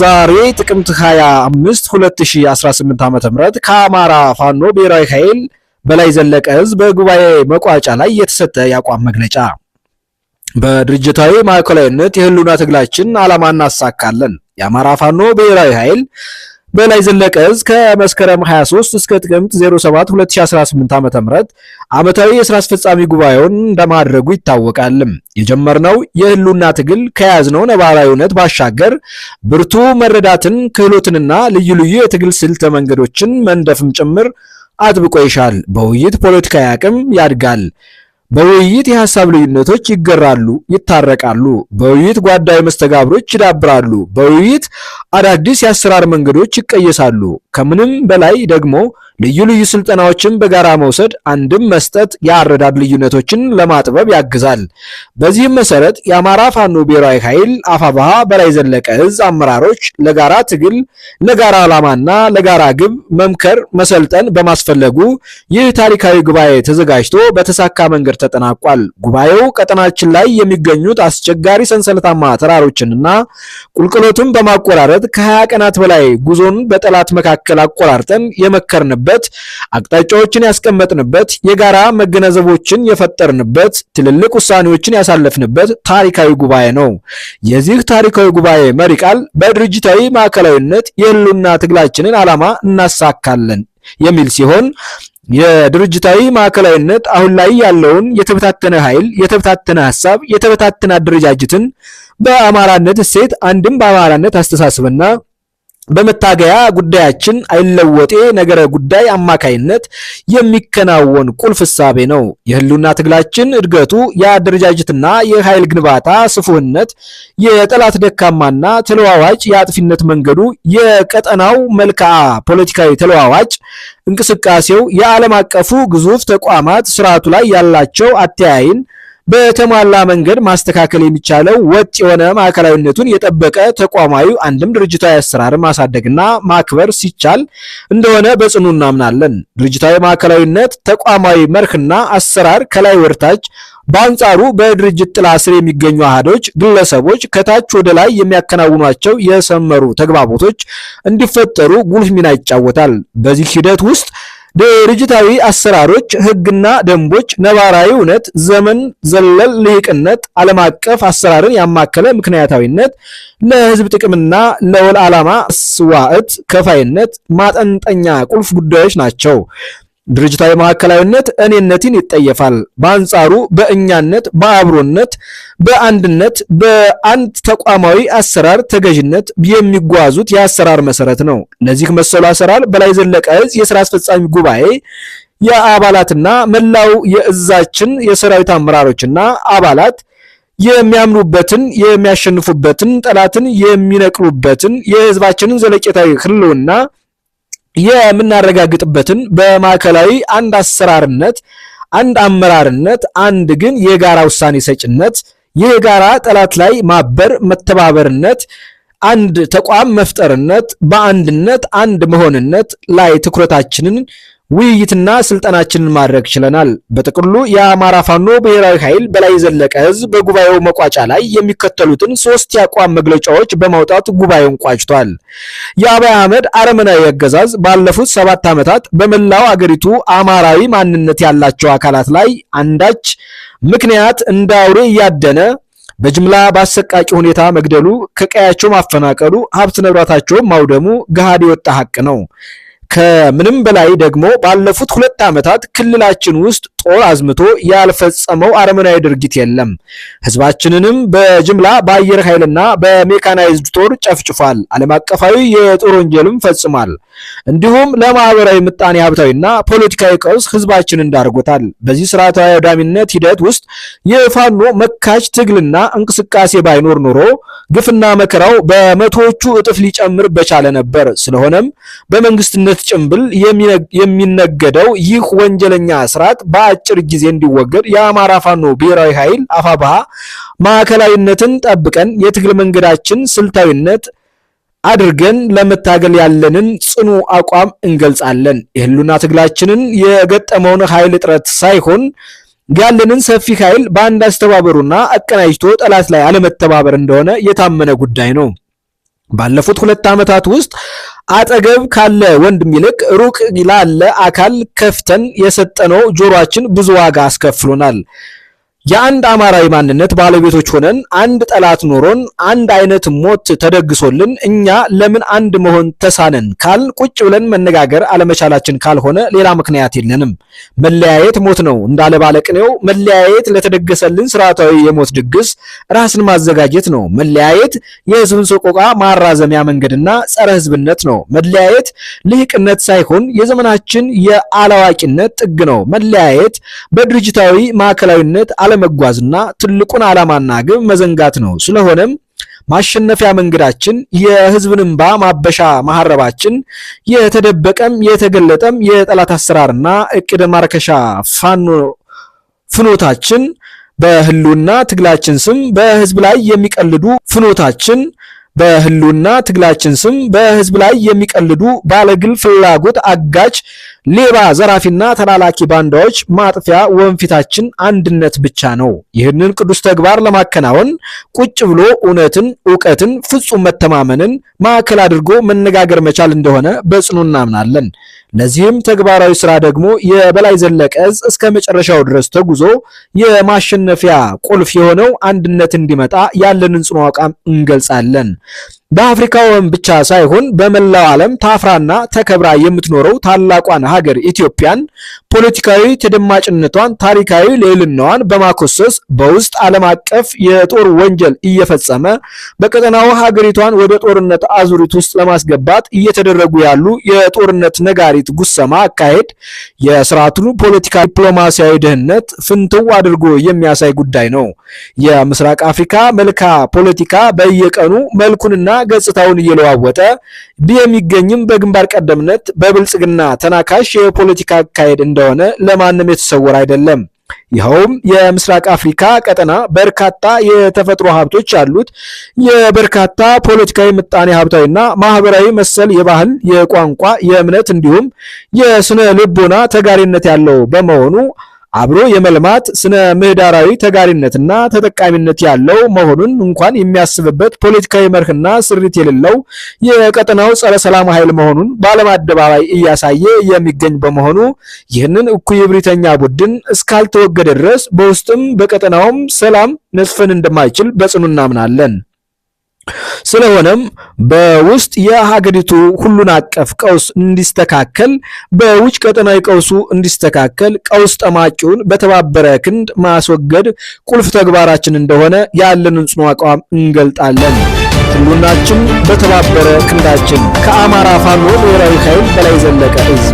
ዛሬ ጥቅምት 25 2018 ዓ.ም ከአማራ ፋኖ ብሔራዊ ኃይል በላይ ዘለቀ ህዝብ በጉባኤ መቋጫ ላይ የተሰጠ የአቋም መግለጫ። በድርጅታዊ ማዕከላዊነት የህልውና ትግላችን ዓላማ እናሳካለን። የአማራ ፋኖ ብሔራዊ ኃይል በላይ ዘለቀ ዕዝ ከመስከረም 23 እስከ ጥቅምት 07 2018 ዓ.ም ዓመታዊ የስራ አስፈጻሚ ጉባኤውን እንደማድረጉ ይታወቃል። የጀመርነው የህሉና ትግል ከያዝነው ነባራዊ እውነት ባሻገር ብርቱ መረዳትን፣ ክህሎትንና ልዩ ልዩ የትግል ስልተ መንገዶችን መንደፍም ጭምር አጥብቆ ይሻል። በውይይት ፖለቲካዊ አቅም ያድጋል። በውይይት የሐሳብ ልዩነቶች ይገራሉ፣ ይታረቃሉ። በውይይት ጓዳዊ መስተጋብሮች ይዳብራሉ። በውይይት አዳዲስ የአሰራር መንገዶች ይቀየሳሉ። ከምንም በላይ ደግሞ ልዩ ልዩ ስልጠናዎችን በጋራ መውሰድ አንድም መስጠት የአረዳድ ልዩነቶችን ለማጥበብ ያግዛል። በዚህም መሰረት የአማራ ፋኖ ብሔራዊ ኃይል አፋባሃ በላይ ዘለቀ እዝ አመራሮች ለጋራ ትግል፣ ለጋራ ዓላማና ለጋራ ግብ መምከር፣ መሰልጠን በማስፈለጉ ይህ ታሪካዊ ጉባኤ ተዘጋጅቶ በተሳካ መንገድ ተጠናቋል። ጉባኤው ቀጠናችን ላይ የሚገኙት አስቸጋሪ ሰንሰለታማ ተራሮችንና ቁልቁሎቱን በማቆራረጥ ከ20 ቀናት በላይ ጉዞን በጠላት መካከል መካከል አቆራርጠን የመከርንበት፣ አቅጣጫዎችን ያስቀመጥንበት፣ የጋራ መገነዘቦችን የፈጠርንበት፣ ትልልቅ ውሳኔዎችን ያሳለፍንበት ታሪካዊ ጉባኤ ነው። የዚህ ታሪካዊ ጉባኤ መሪ ቃል በድርጅታዊ ማዕከላዊነት የህልውና ትግላችንን ዓላማ እናሳካለን የሚል ሲሆን የድርጅታዊ ማዕከላዊነት አሁን ላይ ያለውን የተበታተነ ኃይል፣ የተበታተነ ሀሳብ፣ የተበታተነ አደረጃጀትን በአማራነት እሴት አንድም በአማራነት አስተሳሰብና በመታገያ ጉዳያችን አይለወጤ ነገረ ጉዳይ አማካይነት የሚከናወን ቁልፍ እሳቤ ነው። የህልውና ትግላችን እድገቱ የአደረጃጀትና የኃይል ግንባታ ስፉህነት፣ የጠላት ደካማና ተለዋዋጭ የአጥፊነት መንገዱ፣ የቀጠናው መልክዓ ፖለቲካዊ ተለዋዋጭ እንቅስቃሴው፣ የዓለም አቀፉ ግዙፍ ተቋማት ስርዓቱ ላይ ያላቸው አተያይን በተሟላ መንገድ ማስተካከል የሚቻለው ወጥ የሆነ ማዕከላዊነቱን የጠበቀ ተቋማዊ አንድም ድርጅታዊ አሰራር ማሳደግና ማክበር ሲቻል እንደሆነ በጽኑ እናምናለን። ድርጅታዊ ማዕከላዊነት ተቋማዊ መርህና አሰራር ከላይ ወርታች በአንጻሩ በድርጅት ጥላ ስር የሚገኙ አህዶች፣ ግለሰቦች ከታች ወደ ላይ የሚያከናውኗቸው የሰመሩ ተግባቦቶች እንዲፈጠሩ ጉልህ ሚና ይጫወታል። በዚህ ሂደት ውስጥ ድርጅታዊ አሰራሮች፣ ህግና ደንቦች፣ ነባራዊ እውነት፣ ዘመን ዘለል ልሂቅነት፣ ዓለም አቀፍ አሰራርን ያማከለ ምክንያታዊነት፣ ለህዝብ ጥቅምና ለወል ዓላማ ስዋዕት ከፋይነት ማጠንጠኛ ቁልፍ ጉዳዮች ናቸው። ድርጅታዊ ማዕከላዊነት እኔነትን ይጠየፋል። በአንጻሩ በእኛነት፣ በአብሮነት በአንድነት በአንድ ተቋማዊ አሰራር ተገዥነት የሚጓዙት የአሰራር መሰረት ነው። ለዚህ መሰሉ አሰራር በላይ ዘለቀ እዝ የስራ አስፈጻሚ ጉባኤ የአባላትና መላው የእዛችን የሰራዊት አመራሮችና አባላት የሚያምኑበትን የሚያሸንፉበትን ጠላትን የሚነቅሉበትን የህዝባችንን ዘለቄታዊ ህልውና የምናረጋግጥበትን በማዕከላዊ አንድ አሰራርነት አንድ አመራርነት አንድ ግን የጋራ ውሳኔ ሰጭነት ይህ የጋራ ጠላት ላይ ማበር መተባበርነት አንድ ተቋም መፍጠርነት በአንድነት አንድ መሆንነት ላይ ትኩረታችንን ውይይትና ስልጠናችንን ማድረግ ችለናል። በጥቅሉ የአማራ ፋኖ ብሔራዊ ኃይል በላይ ዘለቀ ህዝብ በጉባኤው መቋጫ ላይ የሚከተሉትን ሶስት የአቋም መግለጫዎች በማውጣት ጉባኤውን ቋጭቷል። የአብይ አህመድ አረመናዊ አገዛዝ ባለፉት ሰባት ዓመታት በመላው አገሪቱ አማራዊ ማንነት ያላቸው አካላት ላይ አንዳች ምክንያት እንደ አውሬ እያደነ በጅምላ በአሰቃቂ ሁኔታ መግደሉ፣ ከቀያቸው ማፈናቀሉ፣ ሀብት ንብረታቸውን ማውደሙ ገሃድ የወጣ ሀቅ ነው። ከምንም በላይ ደግሞ ባለፉት ሁለት ዓመታት ክልላችን ውስጥ ጦር አዝምቶ ያልፈጸመው አረመናዊ ድርጊት የለም። ህዝባችንንም በጅምላ በአየር ኃይልና በሜካናይዝድ ጦር ጨፍጭፏል። ዓለም አቀፋዊ የጦር ወንጀልም ፈጽሟል። እንዲሁም ለማህበራዊ ምጣኔ ሀብታዊና ፖለቲካዊ ቀውስ ህዝባችንን ዳርጎታል። በዚህ ስርዓታዊ አውዳሚነት ሂደት ውስጥ የፋኖ መካች ትግልና እንቅስቃሴ ባይኖር ኖሮ ግፍና መከራው በመቶዎቹ እጥፍ ሊጨምር በቻለ ነበር። ስለሆነም በመንግስትነት ጭምብል የሚነገደው ይህ ወንጀለኛ ስርዓት በአጭር ጊዜ እንዲወገድ የአማራ ፋኖ ብሔራዊ ኃይል አፋብሃ ማዕከላዊነትን ጠብቀን የትግል መንገዳችን ስልታዊነት አድርገን ለመታገል ያለንን ጽኑ አቋም እንገልጻለን። የህሉና ትግላችንን የገጠመውን ኃይል እጥረት ሳይሆን ያለንን ሰፊ ኃይል በአንድ አስተባበሩና አቀናጅቶ ጠላት ላይ አለመተባበር እንደሆነ የታመነ ጉዳይ ነው። ባለፉት ሁለት ዓመታት ውስጥ አጠገብ ካለ ወንድም ይልቅ ሩቅ ላለ አካል ከፍተን የሰጠነው ጆሮአችን ብዙ ዋጋ አስከፍሎናል። የአንድ አማራዊ ማንነት ባለቤቶች ሆነን አንድ ጠላት ኖሮን አንድ አይነት ሞት ተደግሶልን እኛ ለምን አንድ መሆን ተሳነን ካል ቁጭ ብለን መነጋገር አለመቻላችን ካልሆነ ሌላ ምክንያት የለንም። መለያየት ሞት ነው እንዳለ ባለቅኔው መለያየት ለተደገሰልን ስርዓታዊ የሞት ድግስ ራስን ማዘጋጀት ነው። መለያየት የህዝብን ሰቆቃ ማራዘሚያ መንገድና ጸረ ህዝብነት ነው። መለያየት ልህቅነት ሳይሆን የዘመናችን የአላዋቂነት ጥግ ነው። መለያየት በድርጅታዊ ማዕከላዊነት አለ መጓዝና ትልቁን ዓላማና ግብ መዘንጋት ነው። ስለሆነም ማሸነፊያ መንገዳችን የሕዝብን እንባ ማበሻ ማሐረባችን የተደበቀም የተገለጠም የጠላት አሰራርና እቅድ ማርከሻ ፋኖ ፍኖታችን በህልውና ትግላችን ስም በህዝብ ላይ የሚቀልዱ ፍኖታችን በህልውና ትግላችን ስም በህዝብ ላይ የሚቀልዱ ባለግል ፍላጎት አጋጭ ሌባ ዘራፊና ተላላኪ ባንዳዎች ማጥፊያ ወንፊታችን አንድነት ብቻ ነው። ይህንን ቅዱስ ተግባር ለማከናወን ቁጭ ብሎ እውነትን፣ እውቀትን፣ ፍጹም መተማመንን ማዕከል አድርጎ መነጋገር መቻል እንደሆነ በጽኑ እናምናለን። ለዚህም ተግባራዊ ስራ ደግሞ የበላይ ዘለቀ እስከ መጨረሻው ድረስ ተጉዞ የማሸነፊያ ቁልፍ የሆነው አንድነት እንዲመጣ ያለንን ጽኑ አቋም እንገልጻለን። በአፍሪካውያን ብቻ ሳይሆን በመላው ዓለም ታፍራና ተከብራ የምትኖረው ታላቋን ሀገር ኢትዮጵያን ፖለቲካዊ ተደማጭነቷን፣ ታሪካዊ ልዕልናዋን በማኮሰስ በውስጥ ዓለም አቀፍ የጦር ወንጀል እየፈጸመ በቀጠናው ሀገሪቷን ወደ ጦርነት አዙሪት ውስጥ ለማስገባት እየተደረጉ ያሉ የጦርነት ነጋሪት ጉሰማ አካሄድ የስርዓቱን ፖለቲካ ዲፕሎማሲያዊ ደህንነት ፍንትው አድርጎ የሚያሳይ ጉዳይ ነው። የምስራቅ አፍሪካ መልካ ፖለቲካ በየቀኑ መልኩንና ገጽታውን እየለዋወጠ የሚገኝም በግንባር ቀደምነት በብልጽግና ተናካሽ የፖለቲካ አካሄድ እንደ እንደሆነ ለማንም የተሰወረ አይደለም። ይኸውም የምስራቅ አፍሪካ ቀጠና በርካታ የተፈጥሮ ሀብቶች ያሉት የበርካታ ፖለቲካዊ፣ ምጣኔ ሀብታዊና ማህበራዊ መሰል የባህል፣ የቋንቋ፣ የእምነት እንዲሁም የስነ ልቦና ተጋሪነት ያለው በመሆኑ አብሮ የመልማት ስነ ምህዳራዊ ተጋሪነትና ተጠቃሚነት ያለው መሆኑን እንኳን የሚያስብበት ፖለቲካዊ መርህና ስሪት የሌለው የቀጠናው ጸረ ሰላም ኃይል መሆኑን በዓለም አደባባይ እያሳየ የሚገኝ በመሆኑ ይህንን እኩይ እብሪተኛ ቡድን እስካልተወገደ ድረስ በውስጥም በቀጠናውም ሰላም መስፈን እንደማይችል በጽኑ እናምናለን። ስለሆነም በውስጥ የሀገሪቱ ሁሉን አቀፍ ቀውስ እንዲስተካከል፣ በውጭ ቀጠናዊ ቀውሱ እንዲስተካከል ቀውስ ጠማቂውን በተባበረ ክንድ ማስወገድ ቁልፍ ተግባራችን እንደሆነ ያለንን ጽኑ አቋም እንገልጣለን። ሁሉናችን በተባበረ ክንዳችን። ከአማራ ፋኖ ብሔራዊ ኃይል በላይ ዘለቀ እዝ